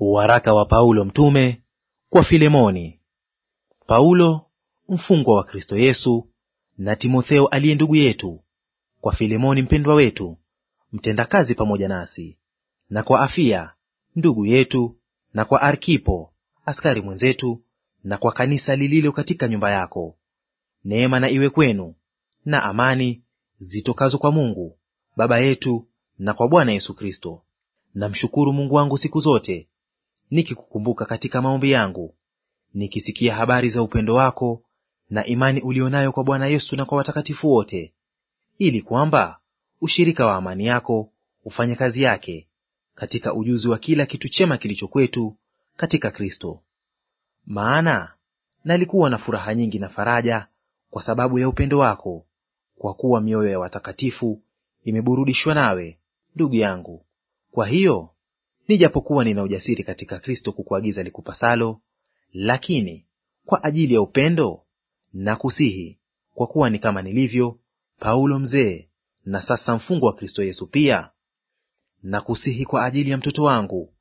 Waraka wa Paulo mtume kwa Filemoni. Paulo mfungwa wa Kristo Yesu, na Timotheo aliye ndugu yetu, kwa Filemoni mpendwa wetu, mtendakazi pamoja nasi, na kwa Afia ndugu yetu, na kwa Arkipo askari mwenzetu, na kwa kanisa lililo katika nyumba yako. Neema na iwe kwenu na amani zitokazo kwa Mungu Baba yetu na kwa Bwana Yesu Kristo. Namshukuru Mungu wangu siku zote nikikukumbuka katika maombi yangu, nikisikia habari za upendo wako na imani uliyo nayo kwa Bwana Yesu na kwa watakatifu wote, ili kwamba ushirika wa amani yako ufanye kazi yake katika ujuzi wa kila kitu chema kilicho kwetu katika Kristo. Maana nalikuwa na furaha nyingi na faraja kwa sababu ya upendo wako, kwa kuwa mioyo ya watakatifu imeburudishwa nawe, ndugu yangu. Kwa hiyo Nijapokuwa nina ujasiri katika Kristo kukuagiza likupasalo, lakini kwa ajili ya upendo nakusihi, kwa kuwa ni kama nilivyo Paulo mzee na sasa mfungwa wa Kristo Yesu pia, nakusihi kwa ajili ya mtoto wangu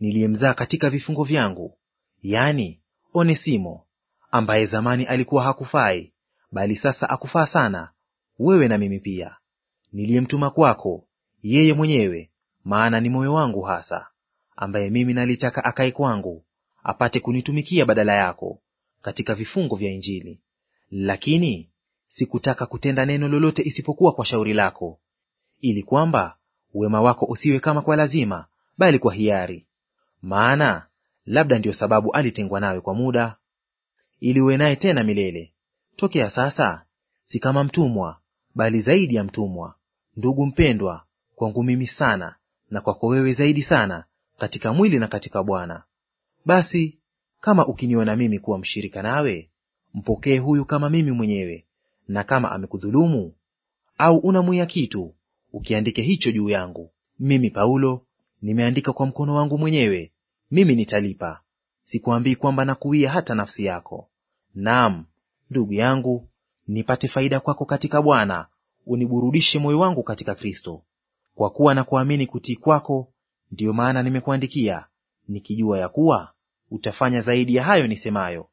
niliyemzaa katika vifungo vyangu, yaani Onesimo, ambaye zamani alikuwa hakufai, bali sasa akufaa sana, wewe na mimi pia, niliyemtuma kwako yeye mwenyewe, maana ni moyo wangu hasa ambaye mimi nalitaka akae kwangu, apate kunitumikia badala yako katika vifungo vya Injili. Lakini sikutaka kutenda neno lolote isipokuwa kwa shauri lako, ili kwamba wema wako usiwe kama kwa lazima, bali kwa hiari. Maana labda ndiyo sababu alitengwa nawe kwa muda, ili uwe naye tena milele. Tokea sasa si kama mtumwa, bali zaidi ya mtumwa, ndugu mpendwa, kwangu mimi sana na kwako wewe zaidi sana, katika mwili na katika Bwana. Basi kama ukiniona mimi kuwa mshirika nawe, mpokee huyu kama mimi mwenyewe, na kama amekudhulumu au unamwia kitu, ukiandike hicho juu yangu. Mimi Paulo nimeandika kwa mkono wangu mwenyewe, mimi nitalipa. Sikuambii kwamba nakuwia hata nafsi yako. Naam, ndugu yangu, nipate faida kwako katika Bwana, uniburudishe moyo wangu katika Kristo. Kwa kuwa nakuamini kutii kwako Ndiyo maana nimekuandikia nikijua ya kuwa utafanya zaidi ya hayo nisemayo,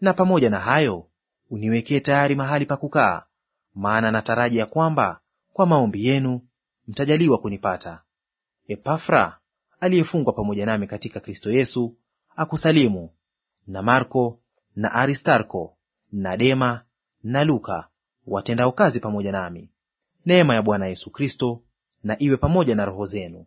na pamoja na hayo uniwekee tayari mahali pa kukaa, maana nataraji ya kwamba kwa maombi yenu mtajaliwa kunipata. Epafra aliyefungwa pamoja nami katika Kristo Yesu akusalimu, na Marko na Aristarko na Dema na Luka watendao kazi pamoja nami. Neema ya Bwana Yesu Kristo na iwe pamoja na roho zenu.